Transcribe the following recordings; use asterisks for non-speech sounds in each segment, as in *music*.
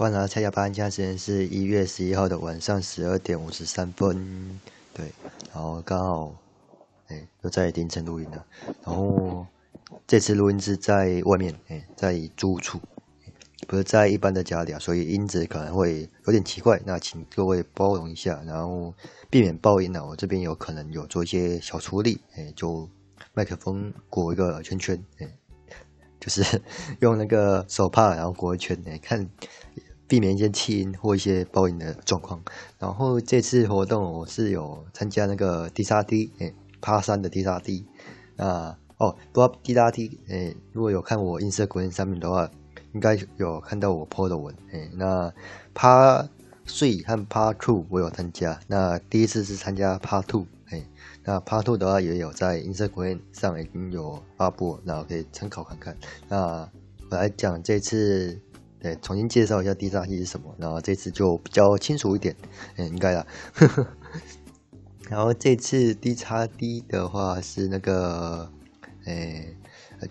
歡迎來到蔡家班，現在時間是一月十一號的晚上十二點五十三分，對，然後剛好、欸，就在凌晨錄音了，然後這次錄音是在外面，哎、欸，在住處、欸，不是在一般的家裡啊，所以音質可能會有點奇怪，那請各位包容一下，然後避免爆音呢，我這邊有可能有做一些小處理，哎、欸，就麥克風裹一個圈圈，哎、欸，就是用那個手帕然後裹一圈，哎、欸，看。避免一些氣音或一些爆音的狀況。然後這次活動我是有參加那個 D 搭 D，哎，Part3 的 D 搭 D。那哦，不知道 D 搭 D，哎，如果有看我 Instagram 上面的話，應該有看到我 po 的文，哎、欸，那 Part3 和 Part2 我有參加。那第一次是參加 Part2，哎，那 Part2 的話也有在 Instagram 上已經有發布，那我可以參考看看。那我來講這次。對，重新介紹一下低差 d 是什麼，然後這次就比較清楚一點，嗯、哎，應該啦。呵呵然後這次低差 D 的話是那個，誒、哎、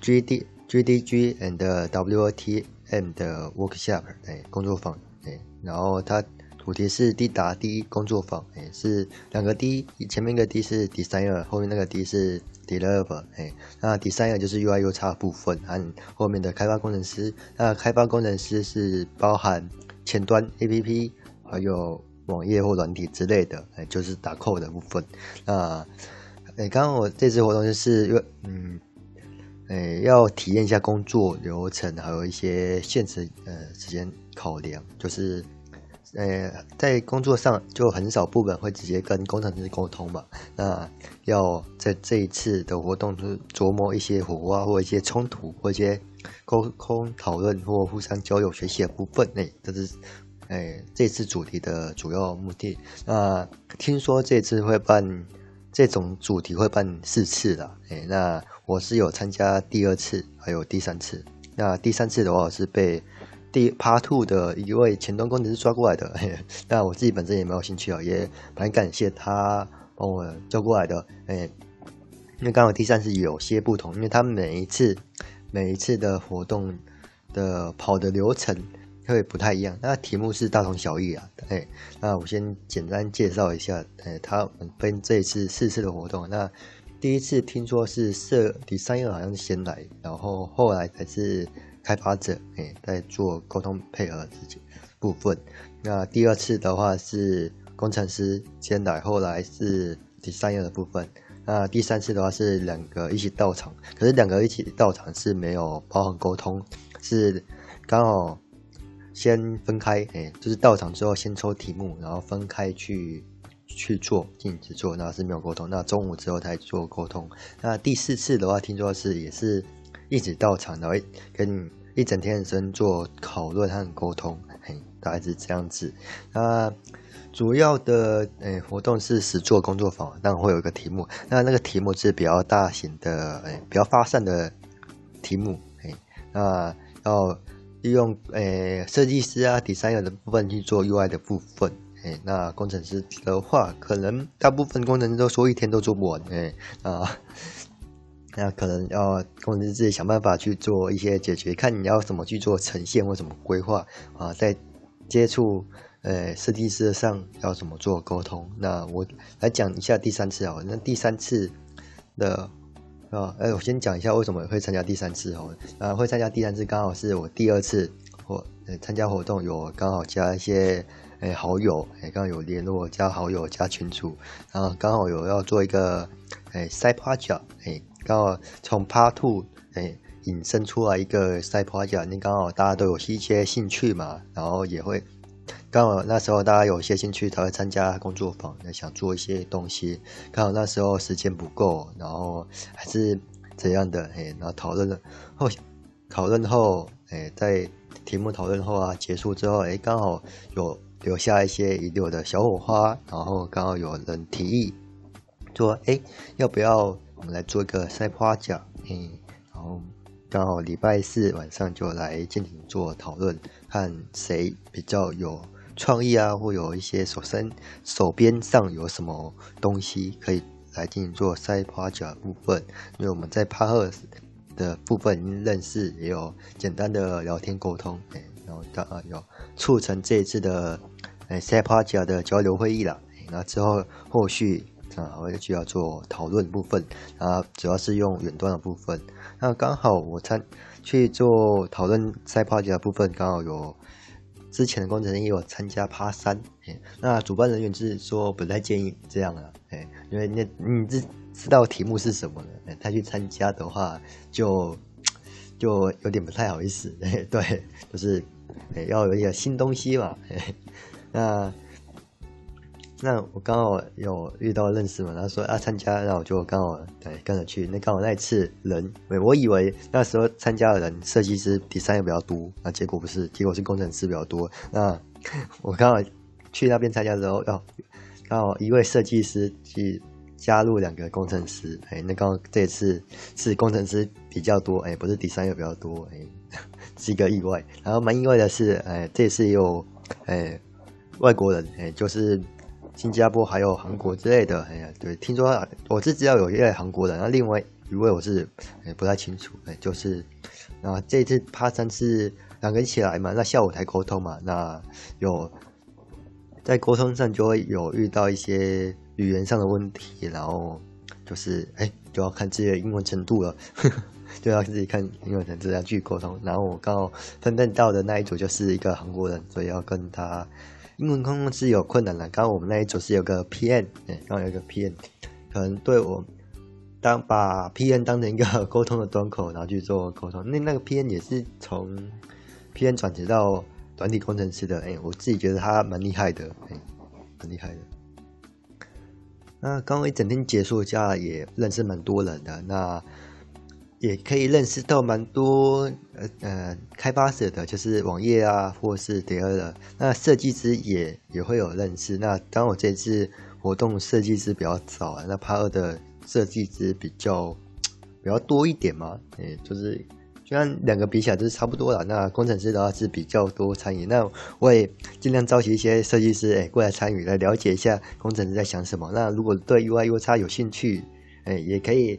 ，GD、g D G D G and W T M 的 workshop，誒、哎，工作坊，哎，然後它。主題是 D 打 D 工作坊，哎，是兩個 D，前面一個 D 是 designer，後面那個 D 是 developer，哎，那 designer 就是 UIUX 部分，和後面的開發工程師。那開發工程師是包含前端 APP 還有網頁或軟體之類的，哎，就是打 code 的部分。那，哎，剛剛我這次活動就是，嗯，哎，要體驗一下工作流程，還有一些現實呃時間考量，就是。欸、在工作上就很少部門會直接跟工程師溝通嘛。那要在這一次的活動是琢磨一些火花或一些衝突或一些溝通討論或互相交流學習的部分，欸，哎，這是、欸、這次主題的主要目的。那聽說這次會辦這種主題會辦四次的，欸，那我是有參加第二次，還有第三次。那第三次的話是被。第 Part Two 的一位前端工程師抓過來的、哎，那我自己本身也沒有興趣啊、哦，也蠻感謝他幫我叫過來的。哎，因為剛好第三次有些不同，因為他每一次每一次的活動的跑的流程會不太一樣。那題目是大同小異啊、哎，那我先簡單介紹一下，哎、他們分這一次四次的活動，那第一次聽說是設第三，樣好像是先來，然後後來才是。開發者哎、欸，在做溝通配合的部分。那第二次的話是工程師先來，後來是 designer 的部分。那第三次的話是兩個一起到場，可是兩個一起到場是沒有包含溝通，是剛好先分開哎、欸，就是到場之後先抽題目，然後分開去去做，進行制作，那是沒有溝通。那中午之後才做溝通。那第四次的話，聽說的是也是。一直到場，然後跟你一整天的時間做討論和溝通，嘿，大概是這樣子。那主要的誒、欸、活動是實作工作坊，當然會有一個題目，那那個題目是比較大型的，誒、欸、比較發散的題目，嘿，那要利用誒、欸、設計師啊，designer 的部分去做 UI 的部分，那工程師的話，可能大部分工程師都說一天都做不完，哎，啊。那可能要控制自己想辦法去做一些解決，看你要怎麼去做呈現或怎麼規劃啊，在接觸呃設計師上要怎麼做溝通。那我來講一下第三次啊，那第三次的啊，哎、欸，我先講一下為什麼會參加第三次哦，啊，會參加第三次剛好是我第二次我呃參加活動有剛好加一些哎、欸、好友哎剛、欸、好有聯絡加好友加群組，然後剛好有要做一個哎 side project。哎，欸剛好從 part two 誒引申出來一個 side project，那剛好大家都有一些興趣嘛，然後也會剛好那時候大家有些興趣才會參加工作坊，想做一些東西。剛好那時候時間不夠，然後還是怎樣的誒、欸，然後討論了後，討論後誒、欸，在題目討論後啊結束之後誒、欸，剛好有留下一些遺留的小火花，然後剛好有人提議說誒、欸，要不要？我們來做一個賽花甲，嘿，然後剛好禮拜四晚上就來進行做討論，看誰比較有創意啊，或有一些手身手邊上有什麼東西可以來進行做賽花甲部分。因為我們在帕爾的部分已經認識，也有簡單的聊天溝通，哎，然後剛好有促成這一次的哎賽花甲的交流會議了。那、哎、然後之後後續。啊，我也就要做討論部分啊，主要是用遠端的部分。那剛好我參去做討論賽跑節的部分，剛好有之前的工作人員有參加 Part 3、哎。那主辦人員就是說不太建議這樣啊。哎，因為那你知道題目是什麼呢？哎，他去參加的話，就就有點不太好意思。哎、對，就是哎要有一些新東西嘛。哎、那。那我剛好有遇到認識嘛，他說啊參加，那我就剛好對、哎，跟着去。那剛好那一次人，我我以為那時候參加的人設計師第三也比較多，那、啊、結果不是，結果是工程師比較多。那我剛好去那邊參加的時哦，剛好一位設計師去加入兩個工程師，哎，那剛好這一次是工程師比較多，哎，不是第三 s 比較多，哎，是一個意外。然後蠻意外的是，哎，這次有哎外國人，哎，就是。新加坡還有韓國之類的，哎呀，對，聽說我是知道有一位韓國人，那另外一位我是也、欸、不太清楚，欸、就是，那這次他上次兩個人一起來嘛，那下午才溝通嘛，那有在溝通上就會有遇到一些語言上的問題，然後就是哎、欸，就要看自己的英文程度了， *laughs* 就要自己看英文程度要去溝通，然後我剛好分到的那一組就是一個韓國人，所以要跟他。英文溝通是有困難的。剛剛我們那一組是有個 PN，哎、欸，剛，剛有一個 PN，可能對我當把 PN 當成一個溝通的端口，然後去做溝通。那那個 PN 也是從 PN 轉職到軟體工程師的。哎、欸，我自己覺得他蠻厲害的，哎、欸，蠻厲害的。那剛剛一整天結束下來，也認識蠻多人的。那也可以認識到蠻多，呃呃，開發者的就是網頁啊，或是別的，那設計師也也會有認識。那當然我這次活動設計師比較少啊，那 power 的設計師比較比較多一點嘛，哎、欸，就是雖然兩個比起來就是差不多了。那工程師的話是比較多參與，那我也盡量召集一些設計師哎、欸，過來參與，來了解一下工程師在想什麼。那如果對 UIUX 有興趣，哎、欸，也可以。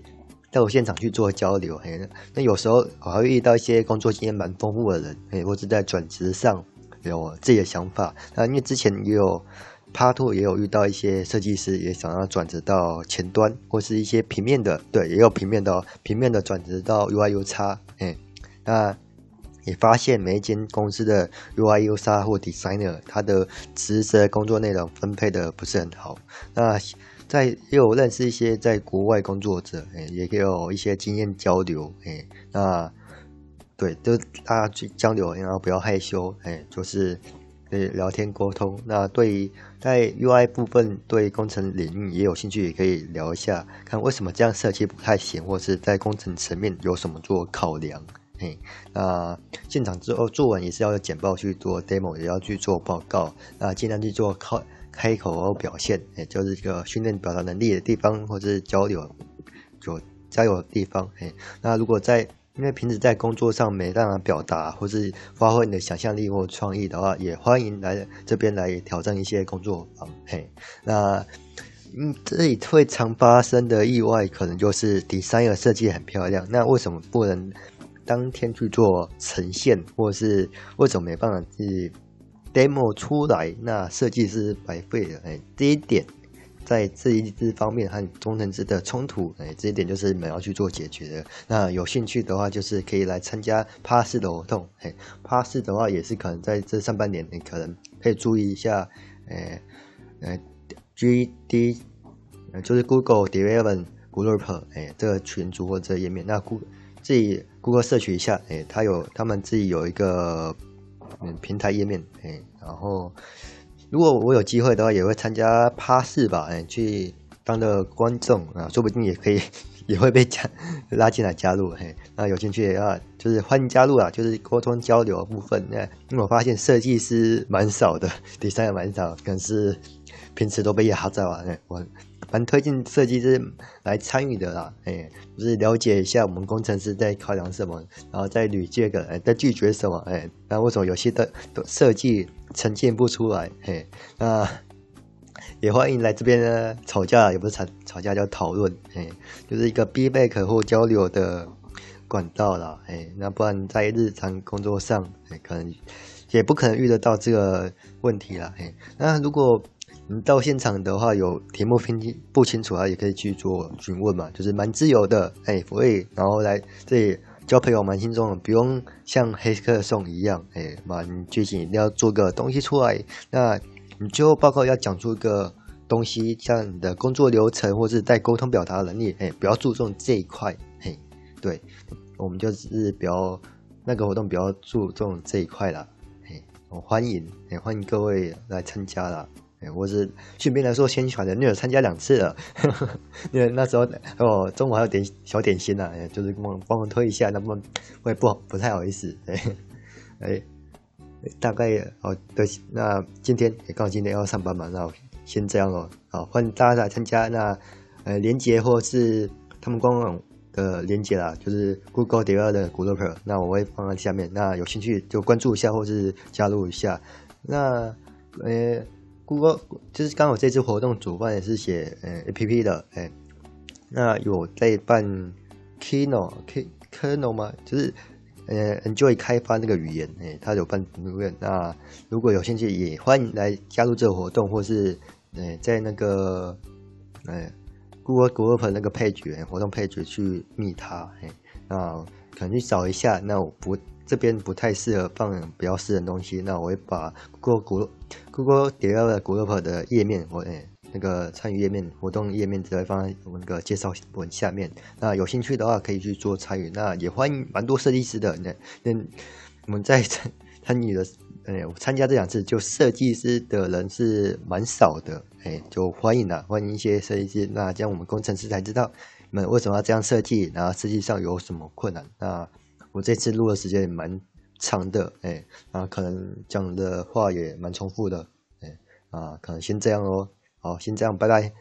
在我現場去做交流，嘿，那有時候我還會遇到一些工作經驗蠻豐富的人，或是在轉職上有我自己的想法。那因為之前也有，part 2也有遇到一些設計師也想要轉職到前端，或是一些平面的，對，也有平面的、哦，平面的轉職到 UI/UX，那也發現每一間公司的 UI/UX 或 designer，他的職責工作內容分配的不是很好，那。在也有認識一些在國外工作者，哎、欸，也有一些經驗交流，哎、欸，那對，就大家去交流，然後不要害羞，哎、欸，就是呃聊天溝通。那對於在 UI 部分，對工程領域也有興趣，也可以聊一下，看為什麼這樣設計不太行，或是在工程層面有什麼做考量，嘿、欸。那現場之後做完也是要簡報去做 demo，也要去做報告，那盡量去做考。開口表現，哎、欸，就是一個訓練表達能力的地方，或是交流交流的地方、欸，那如果在因為平時在工作上沒辦法表達，或是發揮你的想象力或創意的話，也歡迎來這邊來挑戰一些工作坊，嘿、嗯欸。那嗯，這裡最常發生的意外，可能就是 design 設計很漂亮，那為什麼不能當天去做呈現，或是為什麼沒辦法去？demo 出來，那設計是白費了，哎、欸，這一點在這一方面和中層支的衝突，哎、欸，這一點就是我們要去做解決的。那有興趣的話，就是可以來參加趴 s 的活動，a 趴 s 的話也是可能在這上半年，你、欸、可能可以注意一下、欸、，g D，就是 Google Development Group，哎、欸，這個群組或者頁面，那顧自己 g o o e l e c h 一下，欸、它有他們自己有一個。嗯，平台頁面，哎、欸，然後如果我有機會的話，也會參加趴式吧，哎、欸，去當個觀眾啊，說不定也可以，也會被加拉進來加入，嘿、欸，那有興趣啊就是歡迎加入啊，就是溝通交流的部分、欸，因為我發現設計師蠻少的，第三也蠻少，可能是。平時都被壓了玩，哎，我蠻推薦設計師來參與的啦，哎，就是了解一下我們工程師在考量什麼，然後再屢這個、哎、在拒絕什麼，哎，那為什麼有些的設計呈現不出來？嘿、哎，那也歡迎來這邊呢，吵架也不是吵吵架，叫討論，哎，就是一個 feedback 交流的管道啦，哎，那不然在日常工作上，哎，可能也不可能遇得到這個問題了，嘿、哎，那如果。你到現場的話，有題目不清不清楚啊，也可以去做詢問嘛，就是蠻自由的。哎，不會然後來這裡交朋友蠻輕鬆的，不用像黑客松一樣，哎，蠻拘謹，一定要做個東西出來。那你最後報告要講出一個東西，像你的工作流程或是帶溝通表達能力，誒，比較注重這一塊。誒，對我們就是比較那個活動比較注重這一塊了。嘿，歡迎，也歡迎各位來參加啦。欸、我是順便來說先的，先選人，又要參加兩次了。因為那時候哦，中午還有點小點心呢、啊欸，就是幫我，幫我推一下，那不我也不好不太好意思。誒、欸，誒、欸，大概哦對，那今天也剛、欸、好今天要上班嘛，那我先這樣咯。好，歡迎大家來參加。那呃、欸，連結或是他們官網的連結啦，就是 Google 第二的 Google，那我會放在下面。那有興趣就關注一下，或是加入一下。那誒。欸不過，就是剛好這次活動主辦也是寫呃、欸、A P P 的，哎、欸，那有在辦 Kino K Kino 嗎？就是呃、欸、Enjoy 開發那個語言，哎、欸，他有辦那個。那如果有興趣，也歡迎來加入這個活動，或是哎、欸、在那個哎、欸、Google Group 那個 page、欸、活動 page 去密他，哎、欸，那可能去找一下。那我不。這邊不太適合放比較私人東西，那我會把谷歌、谷歌點到了谷歌的頁面，我哎、欸、那個參與頁面、活動頁面只會放在我們那個介紹文下面。那有興趣的話可以去做參與，那也歡迎蠻多設計師的。那、欸、那我們在參與的，哎、欸、參加這兩次就設計師的人是蠻少的，哎、欸、就歡迎啦，歡迎一些設計師。那這樣我們工程師才知道你們為什麼要這樣設計，然後設計上有什麼困難。那我這次錄的時間也蠻長的，哎、欸，啊，可能講的話也蠻重複的，哎、欸，啊，可能先這樣哦，好，先這樣，拜拜。